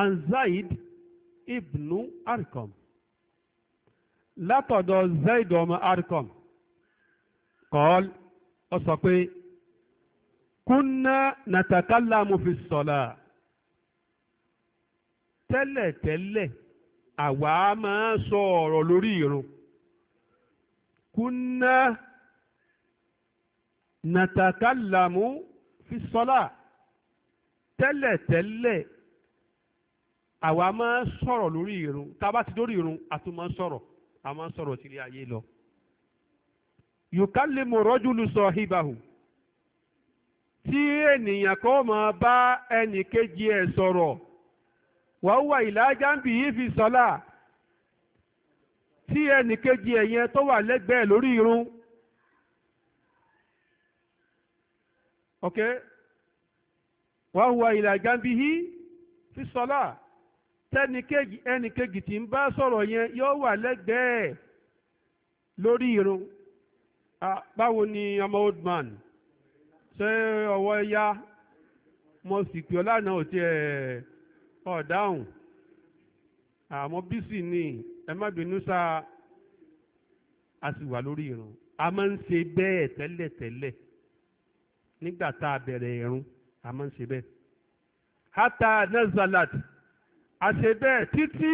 an Zaid ibnu Arqam látọ̀dọ̀ Zaid ọmọ Arqam kọ́ọ́l ọ sọ pé kúnná nàtàkàlámù fi sọ̀la tẹ́lẹ̀tẹ́lẹ̀ àwa máa sọ ọ̀rọ̀ lórí ìrun kúnná nàtàkàlámù fi tẹ́lẹ̀tẹ́lẹ̀ àwa máa ń sọ̀rọ̀ lórí irun tá a bá ti dórí irun a tún máa ń sọ̀rọ̀ a máa ń sọ̀rọ̀ sílé ayé lọ. yukallimu rajulu sahibahu tí ènìyàn kan máa bá ẹnì kejì ẹ̀ sọ̀rọ̀ wàá wà ìlàjà ń bì yí fi sọ́lá tí ẹnì kejì ẹ̀ yẹn tó wà lẹ́gbẹ̀ẹ́ lórí irun. wàá wà ìlàjà ń bì yí fi sọ́lá tẹ́nikejì ẹnìkejì tí ń bá sọ̀rọ̀ yẹn yóò wà lẹ́gbẹ̀ẹ́ lórí irun báwo ni ọmọ old man ṣé ọwọ́ ya mo sì pè ọ́ lánàá òtí ẹ̀ ọ̀dáhùn àmọ́ bísí ni ẹ má bínú sá a sì wà lórí irun a máa ń ṣe bẹ́ẹ̀ tẹ́lẹ̀tẹ́lẹ̀ nígbà tá a bẹ̀rẹ̀ irun a máa ń ṣe bẹ́ẹ̀ hátà nazalat. àṣẹ bẹ́ẹ̀ títí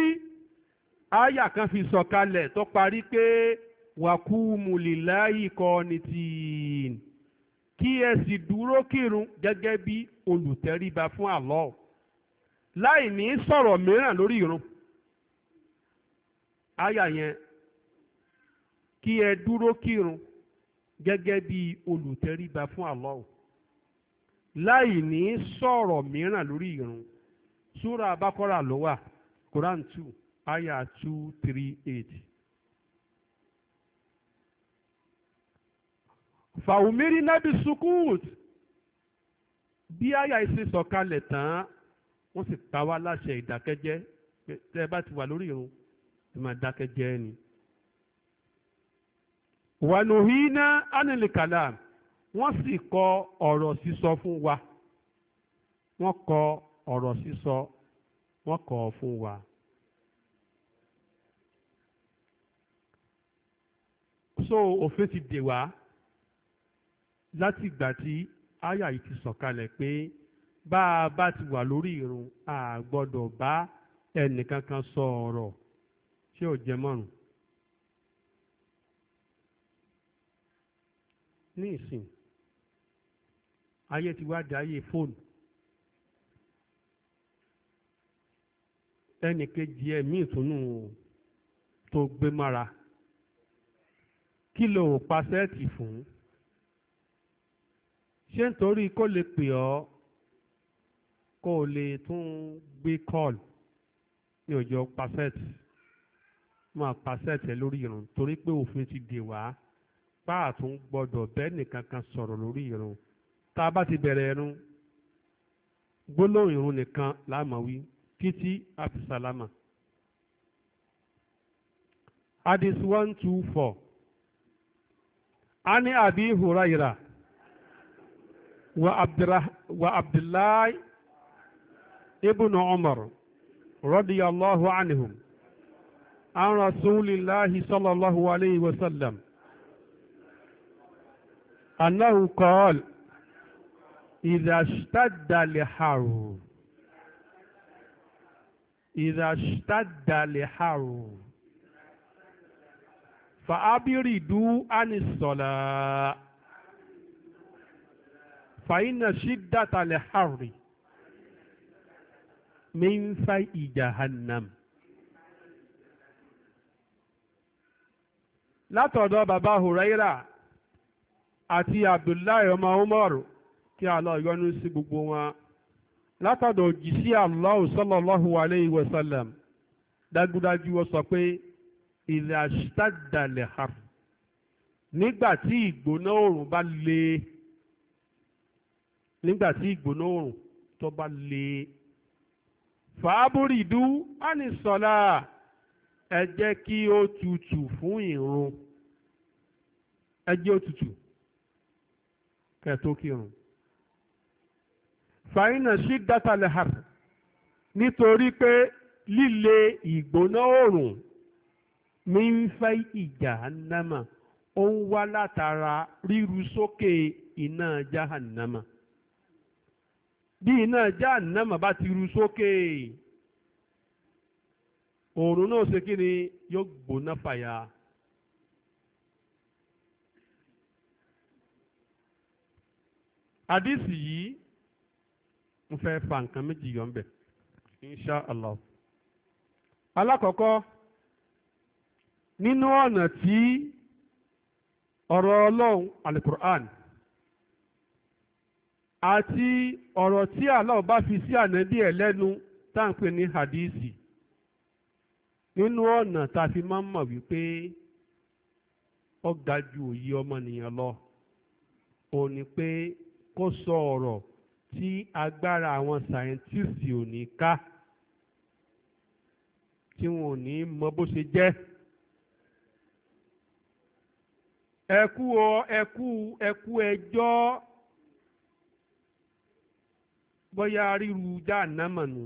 àyà kan fi sọ̀kalẹ̀ tó parí pé wàkúùmù lìláyì kọ́nìtìn kí ẹ sì dúró kírun gẹ́gẹ́ bí olùtẹríba fún Allah láì ní sọ̀rọ̀ mìíràn lórí ìrun àyà yẹn kí ẹ dúró kírun gẹ́gẹ́ bí olùtẹríba fún Allah láì ní sọ̀rọ̀ mìíràn lórí súra bákọ́rà ló wà Quran two aya two three eight. fàwùmírí nábì sukut bí aya ìsìn sọ̀kalẹ̀ tán wọ́n sì pa wá láṣẹ ìdákẹ́jẹ́ tẹ́ ẹ bá ti wà lórí irun ẹ máa dákẹ́jẹ́ ni. wànúhínà ánìlìkàlà wọ́n sì kọ ọ̀rọ̀ sísọ fún wa wọ́n kọ ọ̀rọ̀ sísọ wọ́n kọ̀ ọ́ fún wa. so òfin ti dè wá láti ìgbà tí àyà yìí ti sọ̀kalẹ̀ pé bá a bá ti wà lórí ìrun a gbọ́dọ̀ bá ẹnìkankan sọ ọ̀rọ̀ tí ò jẹ mọ́rùn. ní ìsìn ayé ti wá di ayé fóònù ẹnì kejì ẹ̀ míì túnú tó gbé mára kí ló ò pa sẹ́ẹ̀tì fún ṣé nítorí kó lè pè ọ́ kó o lè tún gbé kọ́ọ̀lù ní ọjọ́ pa sẹ́ẹ̀tì máa pa sẹ́ẹ̀tì ẹ lórí irun torí pé òfin ti dè wá páàtún gbọ́dọ̀ bẹ́ẹ̀ nìkan kan sọ̀rọ̀ lórí irun tá a bá ti bẹ̀rẹ̀ irun gbólóhùn irun nìkan la máa wí títí àfìsàlámà. Hadis 124 Ani Abi Huraira wa, Abdirah, wa Abdullahi ibn Umar radiyallahu anhum an Rasulillahi sallallahu alayhi wa sallam annahu qala idha ishtadda al ìdàṣítàdàlẹ̀ àrò fàábìrìdú ànìsọ̀là fàínà ṣídàtàlẹ̀ àrì mẹ́ńfà ìjàhannam. látọ̀dọ̀ bàbá hùrẹ́rà àti abdullahi ọmọ umar kí a lọ yọ́nú sí gbogbo wọn látọ̀dọ̀ òjìṣẹ́ Allah sallallahu alayhi wa sallam dájúdájú ó sọ pé idha ishtadda al-har nígbà tí ìgbóná oòrùn bá le nígbà tí ìgbóná oòrùn tó bá le fàábùrìdú ànisọ̀lá ẹ jẹ́ kí ó tutù fún ìrun ẹ jẹ́ ó tutù kírun. fàyínà sí dátàlẹ̀ hàr nítorí pé líle ìgbóná òòrùn mi ń fẹ́ ìjà námà ó ń wá látara ríru sókè iná jahannama bí iná jahannama bá ti ru sókè òòrùn náà ṣe kí ni yóò gbóná fàyà. yìí mo fẹ́ fa nǹkan méjì yọ insha allah alákọ̀ọ́kọ́ nínú ọ̀nà tí ọ̀rọ̀ ọlọ́run alukur'an àti ọ̀rọ̀ tí Allah bá fi sí ànábì ẹ̀ lẹ́nu tá à ń pè ní hadisi nínú ọ̀nà tá a fi máa ń mọ̀ wípé ó ju òye ọmọnìyàn lọ òun ni pé kó sọ ọ̀rọ̀ tí agbára àwọn sàyẹ́ntìsì ò ní ká tí wọn ò ní mọ bó ṣe jẹ́ ẹkú ọ ẹkú ẹkú ẹjọ́ bóyá ríru dáànámọ̀ nù.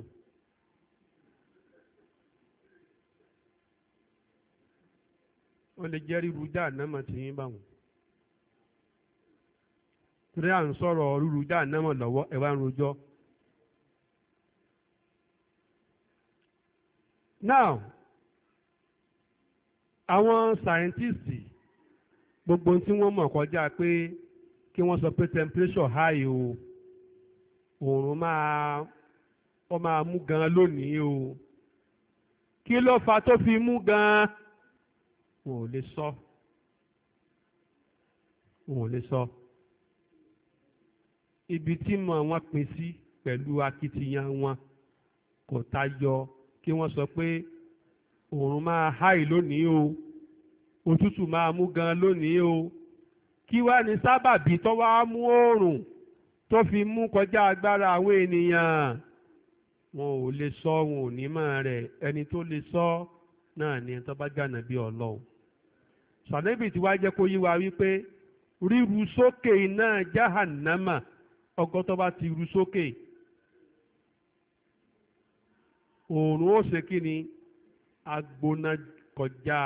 ó lè jẹ́ ríru dáànámọ̀ tí yín bá Nàìjíríà ń sọ̀rọ̀ rúru jáànámọ̀ lọ́wọ́ ẹ wá ń rojọ́. now àwọn sàyẹ́ntìsì gbogbo tí wọ́n mọ̀ kọjá pé kí wọ́n sọ pé temperature high o òòrùn máa ó máa mú gan lónìí o kí ló fà tó fi mú gan wọn ò lè sọ wọn ò lè sọ. So ibi tí mọ̀ wọ́n pín sí pẹ̀lú akitiyan wọn kò tayọ kí wọ́n sọ pé òòrùn máa háì lónìí o òtútù máa mú gan lónìí o kí wá ní sábàbí tó wá mú òòrùn tó fi mú kọjá agbára àwọn ènìyàn wọn ò lè sọ wọn ò ní mọ̀ rẹ̀ ẹni tó lè sọ náà ni tó bá jànà bí ọlọ́run sànẹ́bì tí wàá jẹ́ kó yí wa wípé ríru sókè iná jahannama ọgọ́ tó bá ti ru sókè òòrùn ó ṣe kí ni agbóná kọjá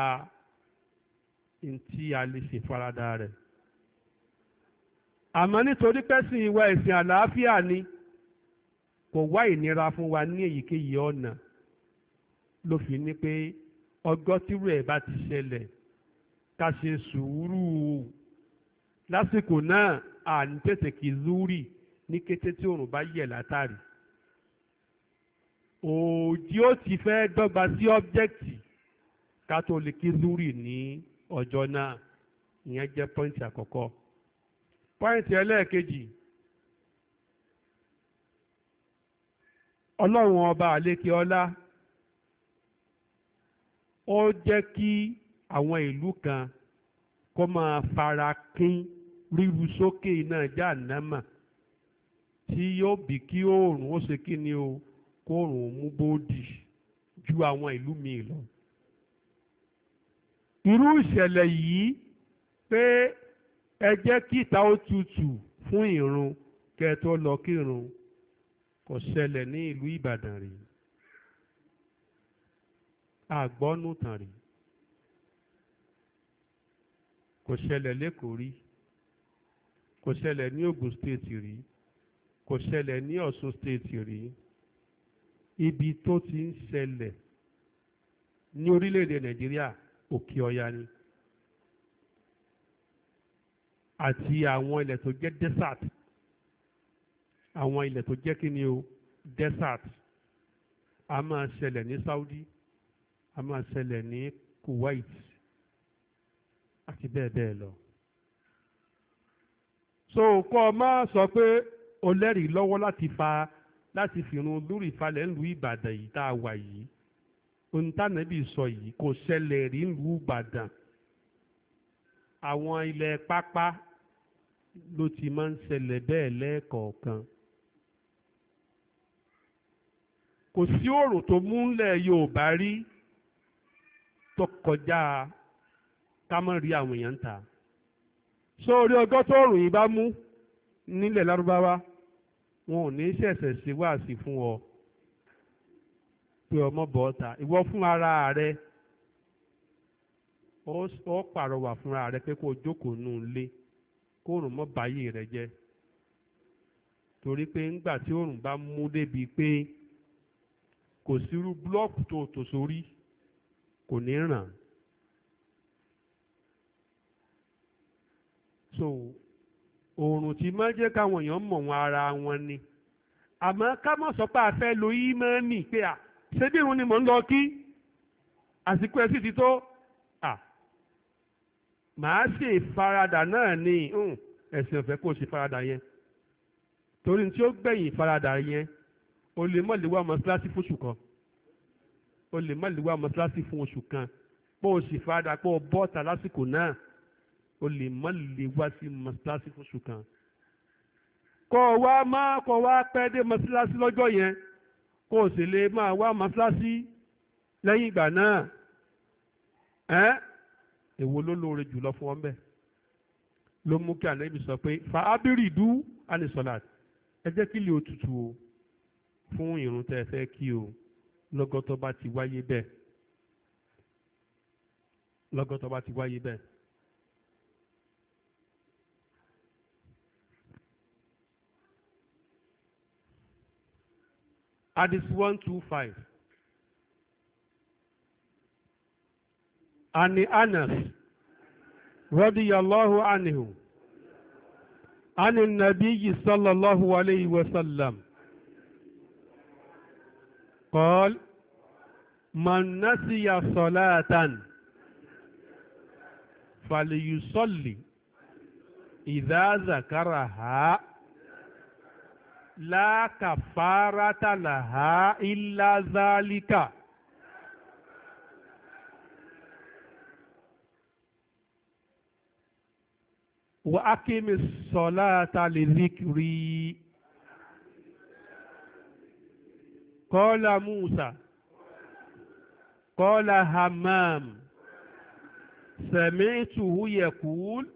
ntí a lè ṣe farada rẹ̀ àmọ́ nítorí pẹ́sìn ìwà ẹ̀sìn àlàáfíà ni kò wá ìnira fún wa ní èyíkéyìí ọ̀nà ló fi ní pé ọgọ́ tírú ẹ̀ bá ti ṣẹlẹ̀ ká ṣe sùúrù lásìkò náà à ń tètè kí zúrì ní kété tí òòrùn bá yẹ̀ látàrí òòjì ó ti fẹ́ dọ́gba sí ọ́bjẹ́kìtì ká tó lè kí zúrì ní ọjọ́ náà ìyẹn jẹ́ pọ́ìntì àkọ́kọ́ pọ́ìntì ẹlẹ́ẹ̀kejì ọlọ́run ọba àlékè ọlá ó jẹ́ kí àwọn ìlú kan kó máa fara kín ríru sókè náà jáànámà tí yóò bí kí oòrùn ó ṣe kí ni o kóòrùn mú bóódì ju àwọn ìlú míì lọ. irú ìṣẹ̀lẹ̀ yìí pé ẹ jẹ́ kíta ó tutù fún ìrun kẹ́ ẹ tó lọ kírun kò ṣẹlẹ̀ ní ìlú Ìbàdàn rí àgbọ́nú tàn rí kò ṣẹlẹ̀ lẹ́kọ̀ọ́ rí kò ṣẹlẹ̀ ní Ògùn stéètì rí kò ṣẹlẹ̀ ní Ọ̀ṣun state rí ibi tó ti ń ṣẹlẹ̀ ní orílẹ̀-èdè Nàìjíríà Òkè Ọya ni àti àwọn ilẹ̀ tó jẹ́ desert àwọn ilẹ̀ tó jẹ́ kíni o desert a máa ṣẹlẹ̀ ní Saudi a máa ṣẹlẹ̀ ní Kuwait àti bẹ́ẹ̀ bẹ́ẹ̀ lọ. so kọ́ ọ máa sọ pé o lẹ́rìí lọ́wọ́ láti fa láti fìrun lórí ìfalẹ̀ ńlú ìbàdàn yìí tá a wà yìí ohun tánàbì sọ yìí kò ṣẹlẹ̀ rí ńlú ìbàdàn àwọn ilẹ̀ pápá ló ti máa ń ṣẹlẹ̀ bẹ́ẹ̀ lẹ́ẹ̀kọ̀ọ̀kan kò sí ọ̀rọ̀ tó múlẹ̀ Yorùbá rí tó kọjá ká má rí àwọn èèyàn ta sórí ọgọ́ tó rùn yìí bá mú nílẹ̀ lárúbáwá wọn ò ní ṣẹ̀ṣẹ̀ ṣe wáàsí fún ọ pé ọmọ bọ̀ ọ́ta ìwọ fún ara rẹ ó pàrọwà fúnra rẹ pé kó o jókòó nù lé kó òrùn mọ́ báyé rẹ jẹ́ torí pé ńgbà tí òrùn bá mú débi pé kò sírú búlọ́ọ̀kù tó tò sórí kò ní ràn so oòrùn tí máa jẹ́ káwọn èèyàn mọ̀ wọn ara wọn ni àmọ́ ká mọ̀ sọ pé a fẹ́ lo ímánì pé à ṣé bí irun ni mò ń lọ kí àsìkò ẹ̀ sì ti tó à màá ṣe ìfaradà náà ni ẹ̀sìn ọ̀fẹ́ kó o ṣe ìfaradà yẹn torí tí ó gbẹ̀yìn ìfaradà yẹn o lè mọ̀ lè wá mọ́ṣáláṣí fún oṣù kan o lè mọ̀ lè wá mọ́ṣáláṣí fún oṣù kan pé o sì faradà pé o bọ́ta lásìkò náà o lè má lè wá sí mọ́sálásí fún oṣù kan kọ́ wá má kọ́ wá pẹ́ dé mọ́sálásí lọ́jọ́ yẹn kó o sì lè máa wá mọ́sálásí lẹ́yìn ìgbà náà ẹ́ èwo ló lóore jùlọ fún ọ́n bẹ́ẹ̀ ló mú kí ànábì sọ pé fa ábírì dú ànisọ̀làt ẹ jẹ́ kí lè òtútù o fún ìrun tẹ́ ẹ fẹ́ kí o lọ́gọ́tọ́ bá ti wáyé bẹ́ẹ̀ lọ́gọ́tọ́ bá ti wáyé bẹ́ẹ̀. hadith one two five. عن أنس رضي الله عنه عن النبي صلى الله عليه وسلم قال من نسي صلاة فليصلي إذا ذكرها لا كفارة لها إلا ذلك وأقم الصلاة لذكري قال موسى قال همام سمعته يقول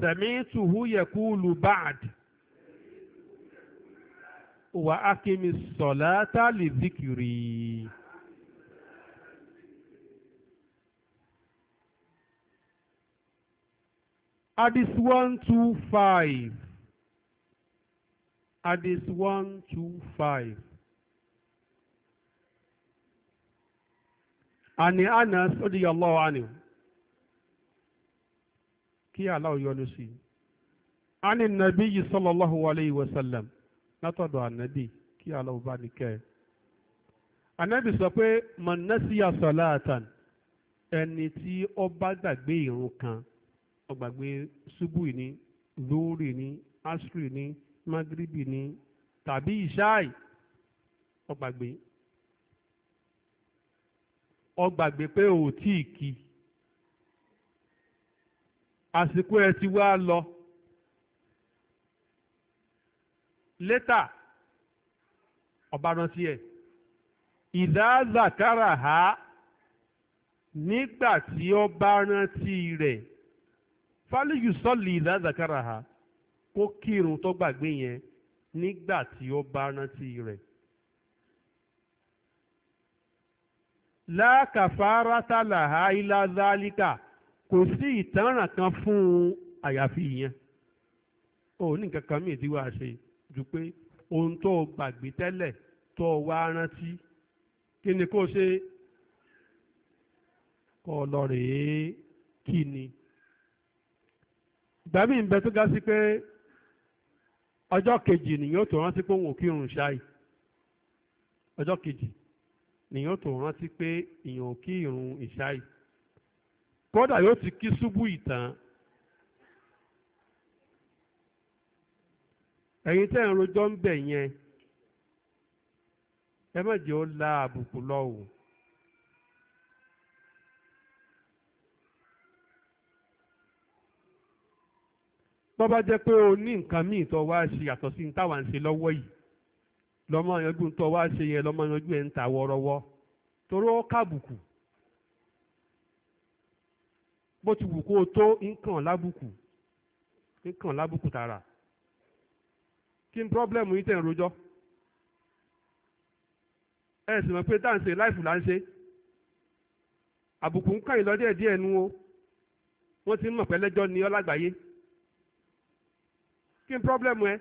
sẹ̀mìtùhù yẹ̀kúlù báàd wà ákími sọ̀lá tálì zikiri. Hadis one two five. Hadis one two five. Ani Anas, Odiyallahu anhu kí aláwọ̀ yọ́nú sí i ani nàbí yìí sallallahu alayhi wa sallam látọ̀dọ̀ ànábì kí aláwọ̀ bá ní kẹ́ ẹ̀ ànábì sọ pé mọ̀nẹ́síyà salatan ẹni tí ó bá gbàgbé ìrun kan ó gbàgbé ṣubú ní lóòrì ní asri ní magribi ní tàbí ìṣáì ó gbàgbé ó pé ò tí àsìkò ẹ ti wá lọ létà ọba rántí ẹ ìdázàkárà ha nígbà tí ó bá rántí rẹ̀ fáliyù sọ́ọ̀lì ìdázàkárà ha kó kírun tó gbàgbé yẹn nígbà tí ó bá rántí rẹ̀. láàkàfà rátàlà ha ilá zálíkà. kò sí ìtanràn kan fún àyàfi ìyẹn ò ní kankan kan mìíràn ṣe ju pé ohun tó o gbàgbé tẹ́lẹ̀ tó wá rántí kí ni kó o ṣe kọ́ rèé kí ni. ìgbà míì ń tó ga sí pé ọjọ́ kejì nìyẹn ó tó rántí pé òun ò ṣáì ọjọ́ kejì kí kódà yóò ti kí ṣubú ìtàn ẹ̀yin tẹ́ ń rojọ́ ń bẹ̀ yẹn ẹ má jẹ́ ó la àbùkù lọ o. tó bá jẹ́ pé o ní nǹkan míì tó wá ṣe yàtọ̀ sí táwa ń ṣe lọ́wọ́ yìí lọ́mọ yanjú tó wá ṣe yẹn lọ́mọ yanjú ẹ̀ ń ta wọ́rọ́wọ́ torí ó kàbùkù bó ti wù kó o tó nǹkan lábùkù nǹkan lábùkù tààrà kí ni pọ́blẹ́mù yìí tẹ̀ ń rojọ́ ẹ sì mọ̀ pé dáǹsẹ̀ láìfù là ń ṣe àbùkù ń kàn yín lọ díẹ̀ díẹ̀ nu o wọ́n ti ń mọ̀ pé lẹ́jọ́ ni ọ́ lágbàáyé kí ni pọ́blẹ́mù ẹ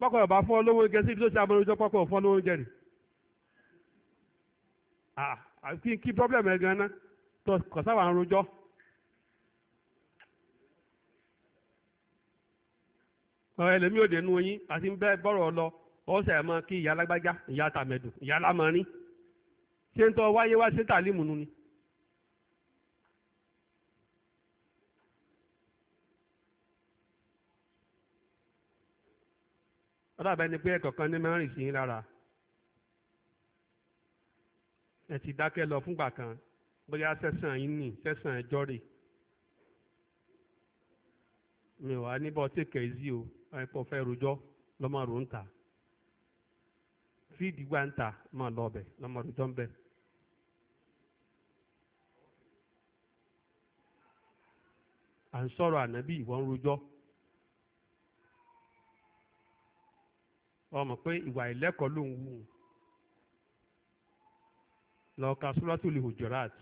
pọ́kọ̀ ọ̀bá fún ọ lówó oúnjẹ síbi tó ṣe abọ́nrojọ́ pọ́kọ̀ fún ọ lówó oúnjẹ rẹ̀ kí ni pọ́blẹ́mù ẹ gan-an náà tó kọ̀ sáwà ń rojọ́. ẹlẹ́mi òde nu yín àti ń bọ́rọ̀ lọ ọ̀sẹ̀ mọ́ kí ìyá alágbájá ìyá tàmẹ̀dù ìyá lámọ́rin ṣé ń tọ́ wáyé wá sí tàlímù nu ni. ọlọ́bẹ̀ ni pé ẹ̀kọ̀ọ̀kan ní mẹ́rin sí lára ẹ ti dákẹ́ lọ fúngbà kan bóyá sẹ́sàn yín nì sẹ́sàn ẹjọ́ rè mi ò wá níbọ̀ tí kẹ̀sí o ẹ̀pọ̀ fẹ́ rojọ́ lọ́mọ rò ń ta fíìdì gbà ń ta máa lọ ọbẹ̀ lọ́mọ rojọ́ ń bẹ̀. à ń sọ̀rọ̀ ànábì ìwọ ń rojọ́ ọmọ pé ìwà ìlẹ́kọ̀ọ́ ló ń wù ú lọ́ọ́ ka suratul hujurat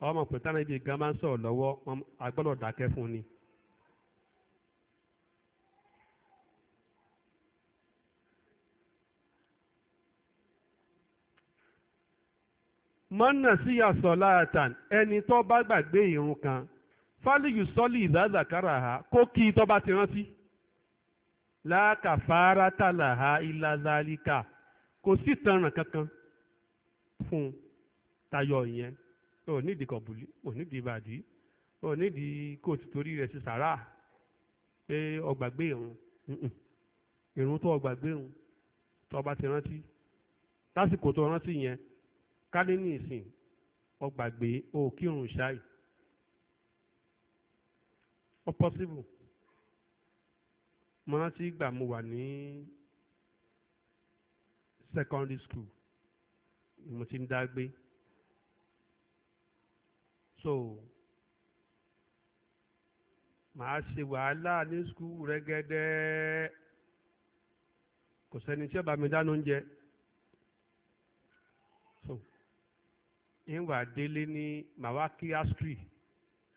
ọmọ pé tánà ibi gan máa ń sọ̀rọ̀ lọ́wọ́ agbọ́dọ̀ dákẹ́ fún ni. mọ́nà sí àsọ̀ láàtàn ẹni tó bá gbàgbé ìrun kan fáliyù sọ́lì ìzázàkárà ha kó kí tó bá ti rántí láàkàfàárà tàlàhà ìlàzàlíkà kò sí tanràn kankan fún tayọ ìyẹn o ò nídìí kọ̀bùlí o ò nídìí ìbàdí o ò nídìí kóòtù torí rẹ̀ sí sàrà pé ọgbàgbé ìrun ìrun tó ọgbàgbé ìrun tó ọba ti rántí lásìkò tó rántí yẹn kálí ní ìsìn ọgbàgbé o ò kírun ṣáì ó pọ́síbù mo rántí ìgbà mo wà ní secondary school mo ti ń dá gbé so màá ṣe wàhálà ní skul rẹ́gẹ́dẹ́ kò sẹ́ni tí ó bá mi dáná oúnjẹ so ń wà délé ní màwákí astri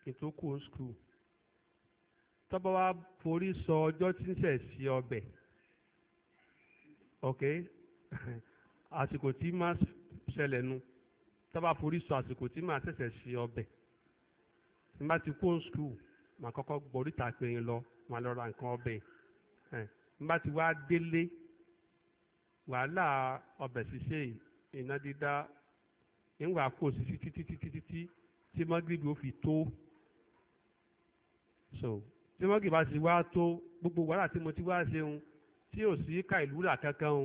kí n tó kú skul tọ́ba wa forí sọ ọjọ́ tí ń sẹ̀ sí ọbẹ̀ ok àsìkò tí máa ṣẹlẹ̀ nu tọ́ba forí sọ àsìkò tí máa ṣẹ̀ṣẹ̀ sí ọbẹ̀ tí má ti kó skul màá kọ́kọ́ gbọ́ríta pé ń lọ màá lọ ra nǹkan ọbẹ̀ tí má ti wá délé wàhálà ọbẹ̀ ṣíṣe iná dídá ìwà kò sí títí títí títí tí mọ́gìrì ó fi tó so tí mọ́gìrì bá ti wá tó gbogbo wàhálà tí mo ti wá ṣeun tí ò sí ká ìlú là kankan o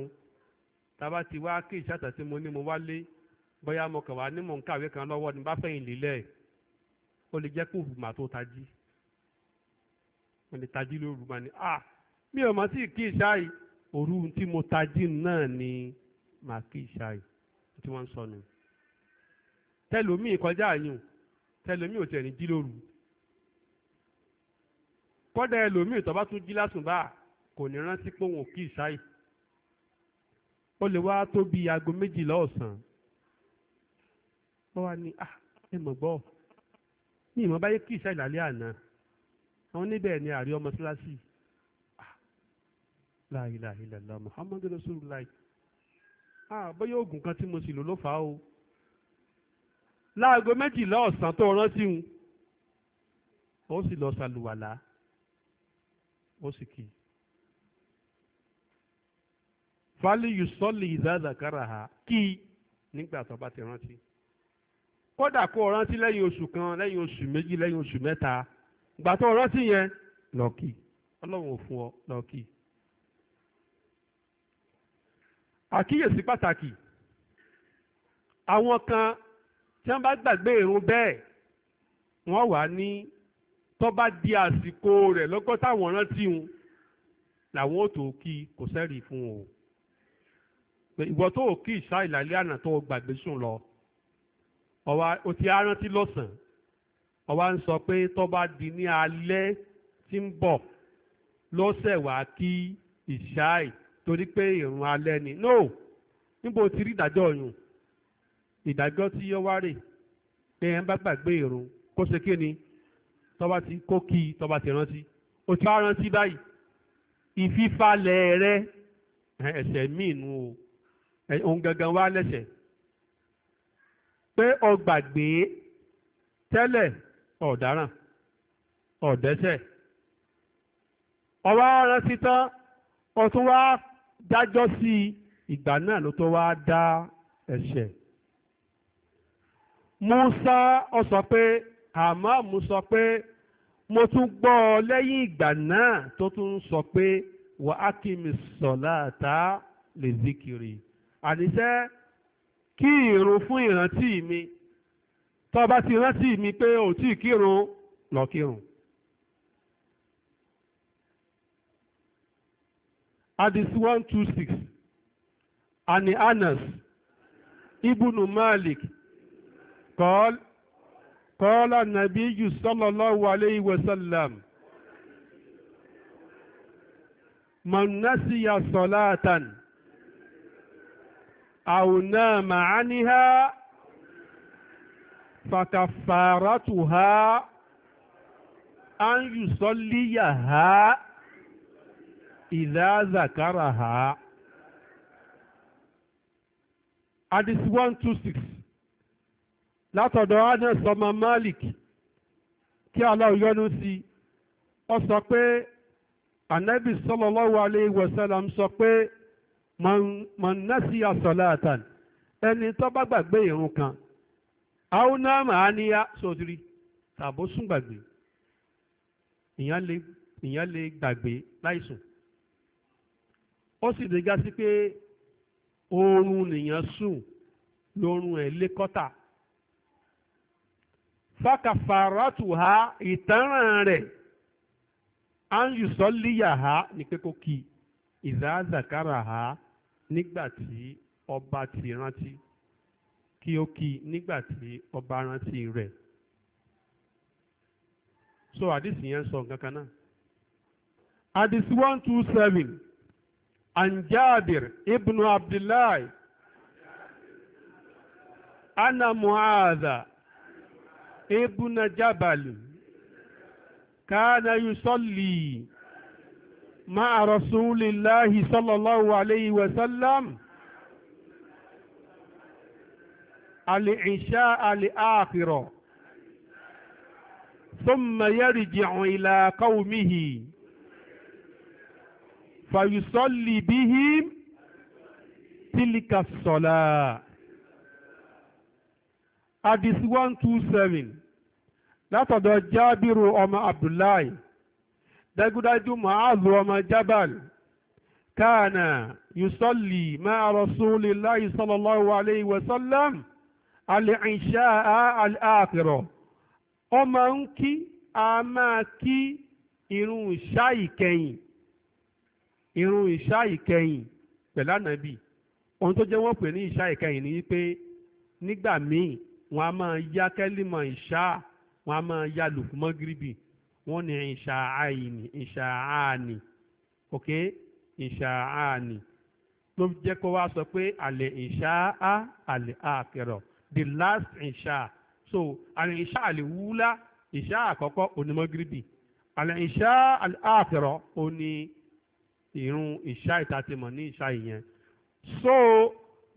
tába ti wá kí ìṣàtà tí mo ní mo wálé bóyá mo kàn wá ní mò ń kàwé kan lọ́wọ́ ní bá fẹ̀yìn lílẹ̀ ó lè jẹ́ pé òrùmà tó tají mo lè tají lóru mà ní à ah, mi ò mọ̀ sí kí ìṣáì òru tí mo tají náà ni màá kí ìṣáì tí wọ́n ń sọ nù tẹlomi kọjá yìí tẹlomi ò tẹ̀ ní jí lóru kọ́dà ẹlòmíì tó bá tún jí lásùnbà kò ní rántí pé òun ò kí ìṣáì ó lè wá tó bí aago méjìlá ọ̀sán wọ́n wá ní à ah, ẹ mọ̀ gbọ́ ní ìmọ̀ báyé kí ìṣá ìlàlẹ́ àná àwọn níbẹ̀ ni àrí ọmọ síláṣì ah, la ilaha illallah muhammadu rasulullah ah bóyá oògùn kan tí mo sì lò ló fà á o láago méjìlá ọ̀sán tó rántí un ó sì lọ ṣàlùwàlá ó sì kì í fáliyù sọ́ọ̀lì ìdá àdàkárà ha kí nígbà tó bá ti rántí kódà kó o rántí lẹ́yìn oṣù kan lẹ́yìn oṣù méjì lẹ́yìn oṣù mẹ́ta ìgbà tó o rántí yẹn lọ́ọ̀kì ọlọ́run ò fún ọ lọ́ọ̀kì. àkíyèsí pàtàkì àwọn kan tí wọ́n bá gbàgbé irun bẹ́ẹ̀ wọ́n wà ní tó bá di àsìkò rẹ̀ lọ́gọ́ táwọn rántí wọn làwọn ò tó kí kò sẹ́rì fún wọn o ìwọ tó kí ìṣá ìlàlẹ́ àná tó gbàgbé sùn lọ ọ̀wá o ti arántí lọ́sàn-án ọ̀wá ń sọ pé tó bá di ní alẹ́ tí ń bọ̀ lọ́sẹ̀ wá kí ìṣáì torí pé ìrun alẹ́ ni no níbo ti rí ìdájọ́ ọ̀yùn ìdájọ́ tí yọ wá rè pé ẹ̀ ń bá gbàgbé ìrun kó ṣe kí ni tó bá ti kó kí tó bá ti rántí o ti bá báyìí ìfífalẹ̀ rẹ ẹ̀ṣẹ̀ míì nu o òun gangan wá lẹ́sẹ̀ pé o gbàgbé tẹ́lẹ̀ ọ̀daràn ọ̀dẹ́sẹ̀ ọwọ́ rántí tán o tún wá dájọ́ sí ìgbà náà ló tó wá dá ẹ̀ṣẹ̀ Musa ọ sọ pé àmọ́ mo sọ pé mo tún gbọ́ ọ lẹ́yìn ìgbà náà tó tún sọ pé wà kí mi sọ̀ láàtá lè zikiri àníṣẹ́ kí ìrun fún ìrántí mi tó bá ti rántí mi pé ò tí kírun lọ kírun. Hadith one two six Ani Anas ibnu Malik قال قال النبي صلى الله عليه وسلم من نسي أو نام عنها فكفارتها أن يصليها إذا ذكرها Hadith 126 látọ̀dọ̀ Anas ọmọ Malik kí Allah yọ́nú sí ó sọ pé Ànábì sallallahu alayhi wa sallam sọ pé mọ̀nàsí asọ̀láàtàn ẹni tó bá gbàgbé ìrun kan aunama aniya sotiri tàbó sùn gbàgbé ìyẹn lè gbàgbé láìsùn ó sì lè ga sí pé oorun nìyẹn sùn lórun ẹ̀ lékọ́tà fákàfàràtù ha ìtanràn rẹ̀ áńyùsọ́líyà ha ní pé kó kí ìzáàzàkárà ha nígbà tí ọba ti rántí kí ó kí nígbà tí ọba rántí rẹ̀ so àdìsí yẹn ń sọ nǹkan kan náà. àdìsí one two seven anjabir ibnu abdullahi ana mu'adha ibnu jabal kana yusalli. مع رسول الله صلى الله عليه وسلم العشاء الآخرة ثم يرجع إلى قومه فيصلي بهم تلك الصلاة حديث 127 لا تدى جابر أم عبد الله dájúdájú Mu'adh ọmọ Jabal kana yusalli ma'a rasulillahi sallallahu alayhi wa sallam al-isha'a al-akhira ó máa ń kí a máa kí irun ìṣá ìkẹyìn irun ìṣá ìkẹyìn pẹ̀lú ànábì ohun tó jẹ́ wọ́n pè ní ìṣá ìkẹyìn ni wípé nígbà míì wọ́n á máa yá kẹ́límọ̀ ìṣá wọ́n á máa yá lùkùmọ́ wọ́n ní ìṣàáìní ìṣàáàní ok ìṣàáàní ló jẹ́ kó wá sọ pé àlè ìṣàá àlè àkẹrọ the last ìṣàá so àlè ìṣàá àlè wúlá ìṣàá àkọ́kọ́ onímọ̀gírìbì àlè ìṣàá àlè àkẹrọ oní ìrun ìṣàá ìtàtìmọ̀ ní ìṣàá ìyẹn so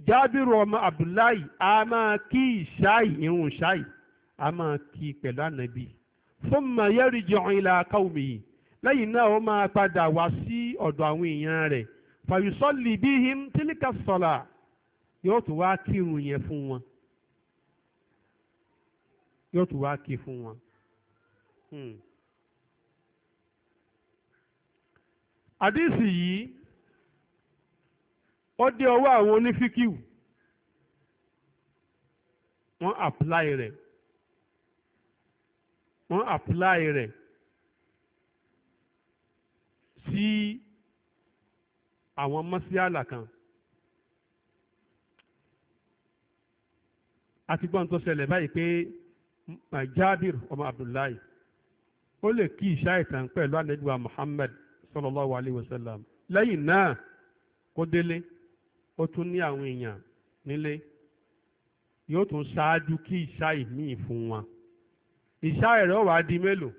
jábìrù ọmọ abdullahi a máa kí ìṣàá ìrun ìṣàá a máa kí pẹ̀lú ànábì thumma yarji'u ila qawmihi lẹ́yìn náà ó máa padà wá sí ọ̀dọ̀ àwọn èèyàn rẹ̀ fàyùsọ́lì bihim tílíkà sọ̀là yóò tún wá kírun yẹn fún wọn yóò tún wá kí fún wọn. àdìsí hmm. yìí ó dé ọwọ́ àwọn onífíkìwù wọ́n àpláì rẹ̀ wọ́n apply rẹ̀ sí àwọn mọ́síálà kan. àti gbọ́n tó ṣẹlẹ̀ báyìí pé eh, Jabir ọmọ Abdullahi ó lè kí ìṣá ìtàn pẹ̀lú anabiwa Muhammad sallallahu alayhi wa sallam lẹ́yìn náà kó délé ó tún ní àwọn èèyàn nílé yóò tún ṣáájú kí ìṣá ìmíì fún wọn ìṣá ẹ̀rọ wà á di mélòó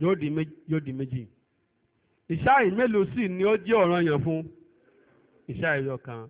yóò di méjì ìṣá ìmélòó sì ni ó jẹ́ ọ̀ranyàn fún ìṣá ẹ̀yọ kan.